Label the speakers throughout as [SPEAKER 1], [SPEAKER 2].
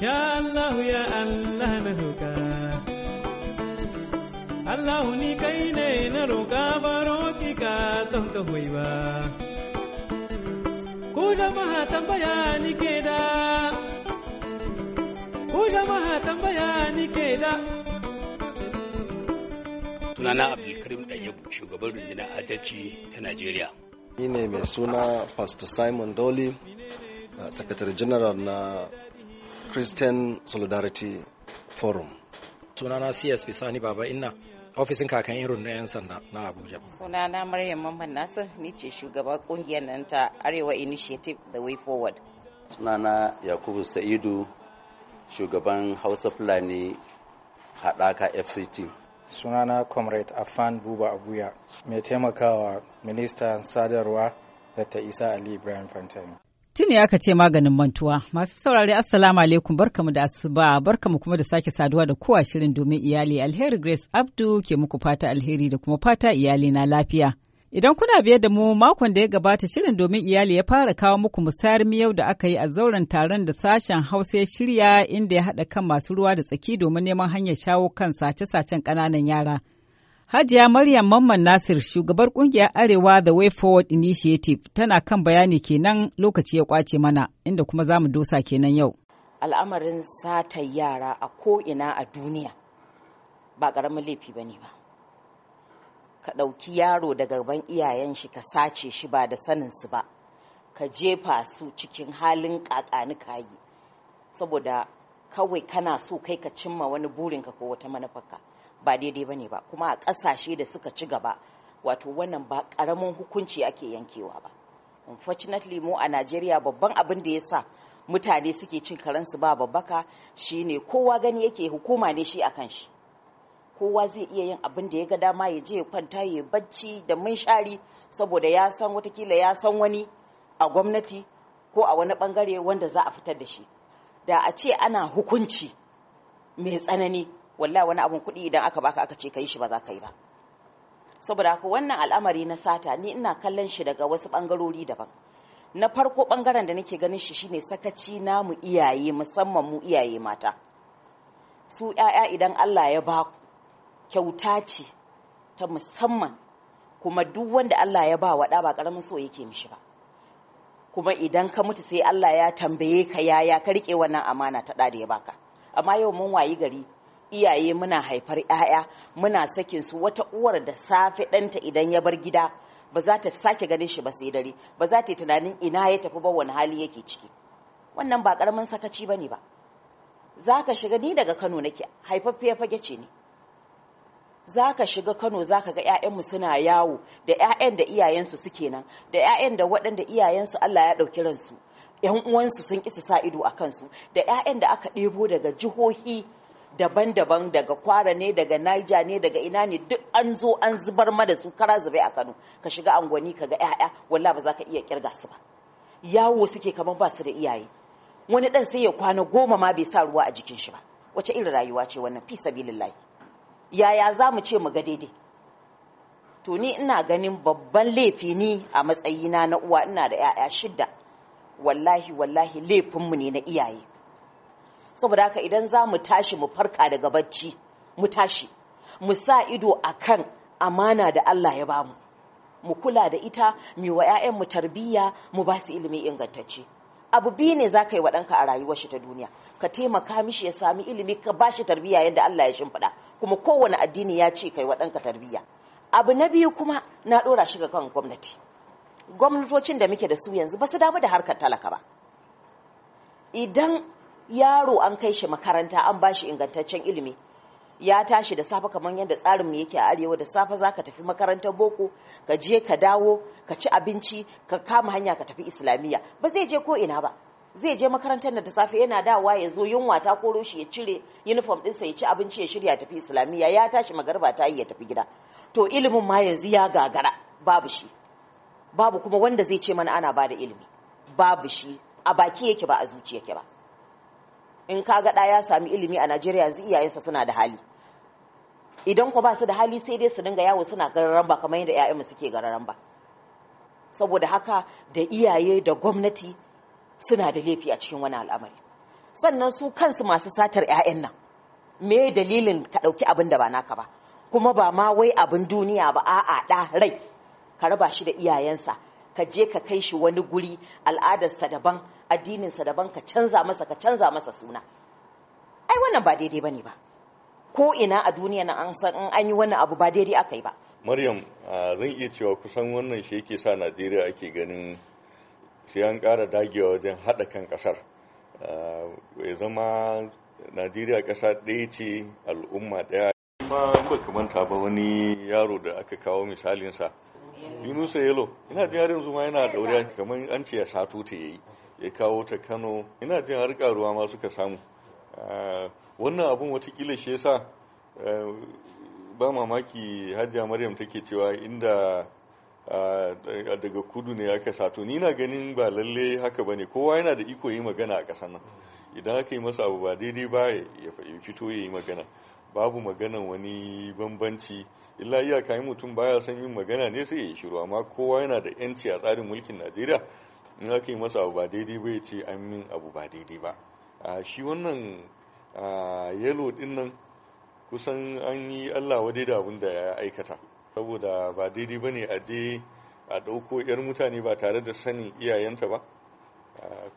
[SPEAKER 1] Ya Allah ya Allah na roƙa Allah ni kai ne na roƙa baro ki ka don ka hoyi ba Ku jama'a tambaya ni ke da Ku jama'a tambaya ni ke da
[SPEAKER 2] Sunana Abdulkarim Ɗanyabu shugaban rundunar adalci ta Najeriya
[SPEAKER 3] Ni ne mai suna Pastor Simon Dolly uh, Sakatare General na Christian Solidarity Forum. Sunana CSP Sani Baba Inna. ofisin kakan irin na 'yan sanda na abuja
[SPEAKER 4] sunana maryam mamman nasir ni ce shugaban kungiyar nan ta arewa initiative the way forward
[SPEAKER 3] sunana yakubu sa'idu shugaban hausa fulani haɗaka fct sunana comrade afan buba abuya mai taimakawa ministan sadarwa da
[SPEAKER 1] isa ali ibrahim fantani Tuni aka ce maganin mantuwa. Masu saurari Assalamu alaikum barkamu da asuba barkamu kuma da sake saduwa da kowa shirin domin iyali alheri Grace Abdu ke muku fata alheri da kuma fata iyali na lafiya. Idan kuna biye da mu makon da ya gabata shirin domin iyali ya fara kawo muku musayar miyau da aka yi a zauren taron da sashen Hausa ya shirya inda ya haɗa kan masu ruwa da tsaki domin neman hanyar shawo kan sace-sacen ƙananan yara. Hajiya Maryam Mamman Nasir shugabar kungiyar Arewa The Way Forward Initiative tana kan bayani kenan lokaci ya kwace mana inda kuma zamu mu dosa kenan yau.
[SPEAKER 4] Al'amarin sata yara a ko'ina a duniya ba ƙaramin laifi ba ne ba. Ka ɗauki yaro daga gaban iyayen shi ka sace shi ba da sanin su ba, ka jefa su cikin halin ƙaƙani kayi saboda kawai kana so kai ka cimma wani burinka ko wata manufarka. ba daidai bane ba kuma a ƙasashe da suka ci gaba wato wannan ba ƙaramin hukunci ake yankewa ba unfortunately mu a Najeriya babban abin da ya sa mutane suke cin karansu ba babbaka shine kowa gani yake hukuma ne shi a kan shi kowa zai iya yin abin da ya ga dama ya je ya kwanta ya bacci da munshari saboda ya san watakila ya san wani a gwamnati ko a wani bangare wanda za a fitar da shi da a ce ana hukunci mai tsanani wallahi wani abun kuɗi idan aka baka aka ce ka yi shi ba za ka yi ba saboda haka wannan al'amari na sata ni ina kallon shi daga wasu bangarori daban na farko bangaren da nake ganin shi shine sakaci namu iyaye musamman mu iyaye mata su ƴaƴa idan Allah ya ba kyauta ce ta musamman kuma duk wanda Allah ya ba wada ba karamin so yake mishi ba kuma idan ka mutu sai Allah ya tambaye ka yaya ka rike wannan amana ta da ya baka amma yau mun wayi gari iyaye muna haifar 'ya'ya muna sakin su wata uwar da safe ɗanta idan ya bar gida ba za ta sake ganin shi ba sai dare ba za ta yi tunanin ina ya tafi ba wani hali yake ciki wannan ba karamin sakaci bane ba za ka shiga ni daga kano nake ya fage ce ne za ka shiga kano za ka ga 'ya'yanmu suna yawo da 'ya'yan da iyayensu suke nan da 'ya'yan da waɗanda iyayensu allah ya ɗauki ransu 'yan uwansu sun ƙi sa ido a kansu da 'ya'yan da aka ɗebo daga jihohi daban-daban daga kwara ne daga naija ne daga ina ne duk an zo an zubar mana su kara zube a kano ka shiga angwani ka ga 'ya'ya walla ba za ka iya kirga su ba yawo suke kamar ba su da iyaye wani dan sai ya kwana goma ma bai sa ruwa a jikin shi ba wace irin rayuwa ce wannan fi sabilillahi yaya za mu ce mu ga daidai to ni ina ganin babban laifi ni a matsayina na uwa ina da 'ya'ya shidda wallahi wallahi laifinmu ne na iyaye saboda haka idan za mu tashi mu farka daga bacci mu tashi mu sa ido akan amana da Allah ya bamu mu kula da ita mu wa 'ya'yanmu tarbiyya mu ba su ilimi ingantacce abu biyu ne zaka ka yi wa ɗanka a rayuwar shi ta duniya ka taimaka mishi ya sami ilimi ka ba shi tarbiyya yadda Allah ya shimfiɗa kuma kowane addini ya ce ka yi wa ɗanka tarbiyya abu na biyu kuma na ɗora shi ga kan gwamnati gwamnatocin da muke da su yanzu ba su damu da harkar talaka ba idan yaro an kai shi makaranta an ba shi ingantaccen ilimi ya tashi da safe kamar yadda tsarin mu yake a arewa da safe za ka tafi makarantar boko ka je ka dawo ka ci abinci ka kama hanya ka tafi islamiyya ba zai je ko ina ba zai je makarantar da safe yana dawa ya zo yunwa ta koro shi ya cire uniform ɗinsa ya ci abinci ya shirya tafi islamiyya ya tashi magarba ta yi ya tafi gida to ilimin ma yanzu ya gagara babu shi babu kuma wanda zai ce mana ana ba da ilimi babu shi a baki yake ba a zuciya yake ba in ka ga ya sami ilimi a Najeriya yanzu iyayensa suna da hali idan ku ba su da hali sai dai su dinga yawo suna gararan ba kamar yadda 'ya'yanmu suke gararan ba saboda haka da iyaye da gwamnati suna da laifi a cikin wani al'amari sannan su kansu masu satar 'ya'yan nan me dalilin ka ɗauki abin da ba naka ba kuma ba ma wai abin duniya ba a'a ɗa rai ka raba shi da iyayensa ka je ka kai shi wani guri al'adarsa daban Addinin sa daban ka canza masa ka canza masa suna ai wannan ba daidai bane ba ko ina a duniya na an san an yi wannan abu ba daidai aka yi ba
[SPEAKER 2] maryam zan iya cewa kusan wannan shi yake sa najeriya ake ganin shi an ƙara dagewa wajen haɗa kan kasar ya zama najeriya ƙasa ɗaya ce al'umma ɗaya kuma ba kamanta ba wani yaro da aka kawo misalinsa yunusa yalo ina jin yanzu ma yana daure kamar an ce ya sato ta yi. ya kawo ta kano ina jin har ruwa ma suka samu eh, wannan abun watakila shi yasa eh, ba mamaki hajjia maryam take cewa inda eh, daga kudu ne aka sato ni na ganin ba lalle haka bane kowa yana da iko yi magana a ƙasar nan idan aka yi masa abu ba daidai ba ya fito ya yi magana babu maganan wani bambanci illa iyaka mutum baya son yin magana ne sai ya yi shiru amma kowa yana da yanci a tsarin mulkin najeriya in aka yi masa abu ba daidai ba ya ce an min abu ba daidai ba shi wannan yalo din nan kusan an yi allah wadai da abin da ya aikata saboda ba daidai ba ne a dai a ɗauko 'yar mutane ba tare da sanin iyayenta ba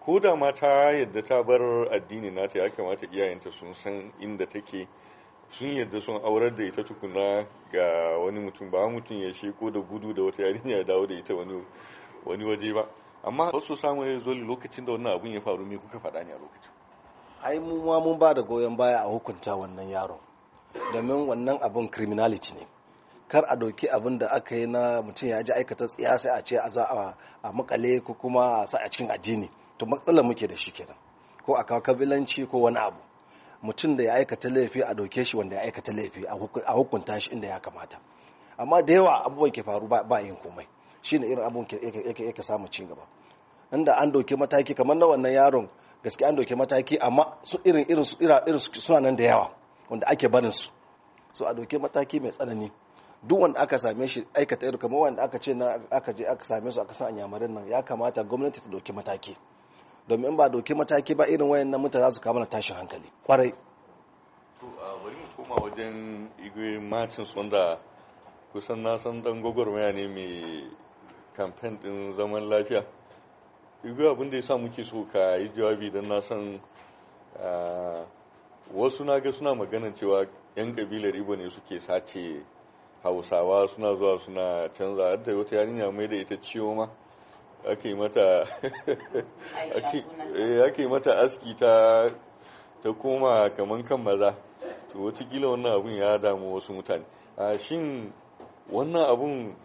[SPEAKER 2] ko da ma ta yadda ta bar addini nata ya kamata iyayenta sun san inda take sun yadda sun aurar da ita tukuna ga wani mutum ba mutum ya sheko da gudu da wata yarinya ya dawo da ita wani waje ba amma ba su samu ya zoli lokacin da wannan abun ya faru me kuka faɗa ne a lokacin
[SPEAKER 3] ai mu ma mun ba da goyon baya a hukunta wannan yaron domin wannan abun criminality ne kar a ɗauki abin da aka yi na mutum ya ji aikata tsiya sai a ce a za a makale ko kuma a sa a cikin addini to matsalar muke da shi kenan ko a kawo kabilanci ko wani abu mutum da ya aikata laifi a ɗauke shi wanda ya aikata laifi a hukunta shi inda ya kamata amma da yawa abubuwan ke faru ba yin komai ne irin abun yake samu ci gaba inda an doke mataki kamar na wannan yaron gaske an doke mataki amma su irin irin su irin suna nan da yawa wanda ake barin su so a doke mataki mai tsanani duk wanda aka same shi aikata irin kamar wanda aka ce na aka je aka same su aka san anyamarin nan ya kamata gwamnati ta doke mataki domin in ba doke mataki ba irin wayannan mutane za su kama tashin hankali kwarai
[SPEAKER 2] to bari mu koma wajen igwe martins wanda kusan na san dan gogor ne mai kamfen ɗin zaman lafiya igu abin da ya sa muke so ka yi jawabi don na san wasu na ga suna maganan cewa 'yan kabilar ibo ne suke sace hausawa suna zuwa suna canza har da wata yarinya mai da ita ciwo ma ake mata eh, mata aski ta koma kamar kan maza to watakila wannan abun ya damu wasu mutane shin wannan abun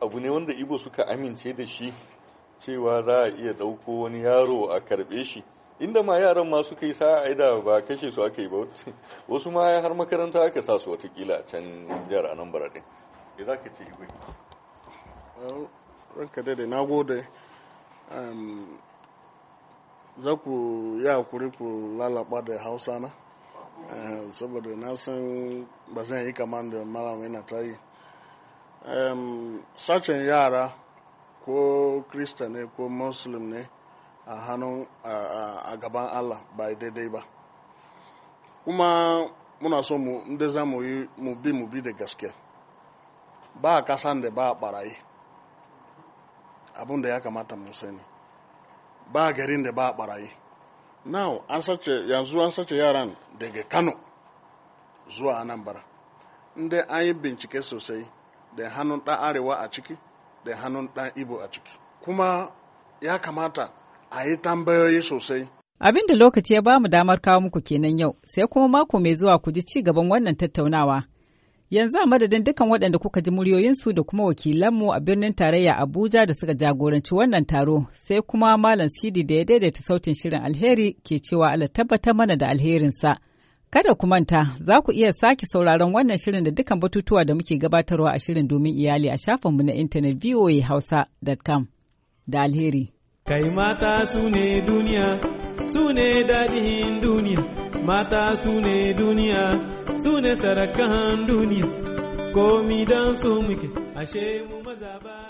[SPEAKER 2] abu ne wanda ibo suka amince da shi cewa za a iya ɗauko wani yaro a karɓe shi inda ma yaran ma suka yi sa'a da ba kashe su aka yi ba wasu ma har makaranta aka sa su watakila a can jihar nan din ya za ka ce igwe
[SPEAKER 3] ranka daidai na gode um, za ku yi hakuri ku lalaba da hausa na eh, saboda na san ba zan yi kamar da malam yana ta yi sacin yara ko kristian ne ko muslim ne a hannun a gaban allah ba daidai ba kuma muna so mu inda za mu yi mu bi mu bi da gaske ba a kasan da ba a barayi abin da ya kamata mu sani ba garin da ba a barayi now an sace yanzu an sace yaran daga kano zuwa anambra inda anyị yi bincike sosai da hannun ɗan arewa a ciki da hannun ɗan ibo a ciki kuma ya kamata a yi tambayoyi sosai
[SPEAKER 1] abin da lokaci ya bamu damar kawo muku kenan yau sai kuma mako mai zuwa ku ji ci gaban wannan tattaunawa yanzu a madadin dukkan waɗanda kuka ji muryoyinsu da kuma wakilanmu a birnin tarayya abuja da suka jagoranci wannan taro sai kuma malam sidi da ya daidaita sautin shirin alheri ke cewa ala tabbatar mana da alherinsa. Kada ku manta za ku iya sake sauraron wannan shirin da dukkan batutuwa da muke gabatarwa a shirin domin iyali a shafinmu na intanet voahausa.com da alheri. Kai mata su ne duniya, su ne daɗin duniya, mata su ne duniya, su ne sarakan duniya, komi don su muke, ashe mu maza ba.